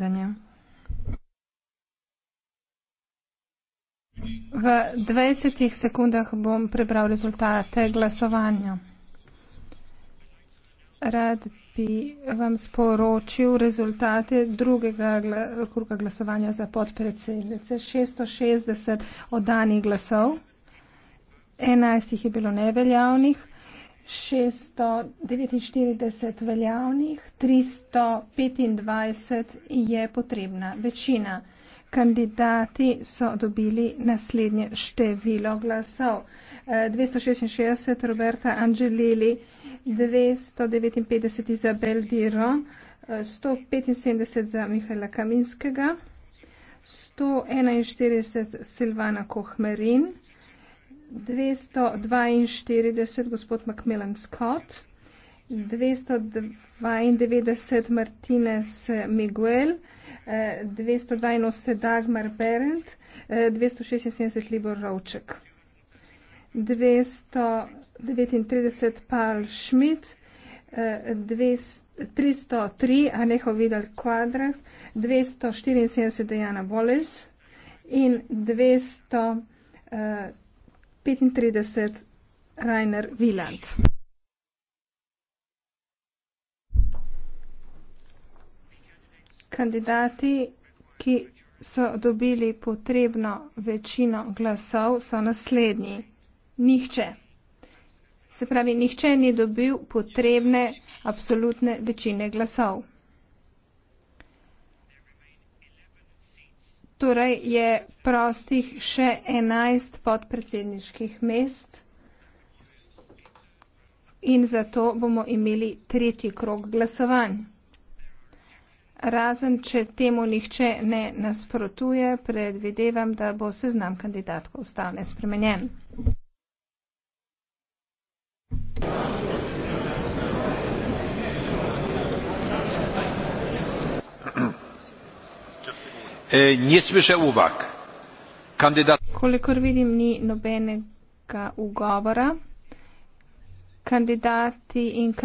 gledanje. V 20 sekundah bom prebral rezultate glasovanja. Rad bi vam sporočil rezultate drugega kruga glasovanja za podpredsednice. 660 oddanih glasov, 11 jih je bilo neveljavnih, 649 veljavnih, 325 je potrebna večina. Kandidati so dobili naslednje število glasov. 266 Roberta Angelili, 259 Izabel Diro, 175 za Mihaela Kaminskega, 141 Silvana Kohmerin, 242 gospod Macmillan Scott, 292 Martinez Miguel, 282 eh, Dagmar Berendt, eh, 276 Libor Rovček, 239 Paul Schmidt, 303 eh, Anejo Vidal Quadrat, 274 Diana Boles in 200 35, Rainer Wieland. Kandidati, ki so dobili potrebno večino glasov, so naslednji. Nihče. Se pravi, nihče ni dobil potrebne absolutne večine glasov. Torej je prostih še 11 podpredsedniških mest in zato bomo imeli tretji krok glasovanj. Razen, če temu nihče ne nasprotuje, predvidevam, da bo seznam kandidatkov ostal nespremenjen. E, nie słyszę uwag. Kandydat... Kolikor widim, ni nobenega ugovora. Kandidati in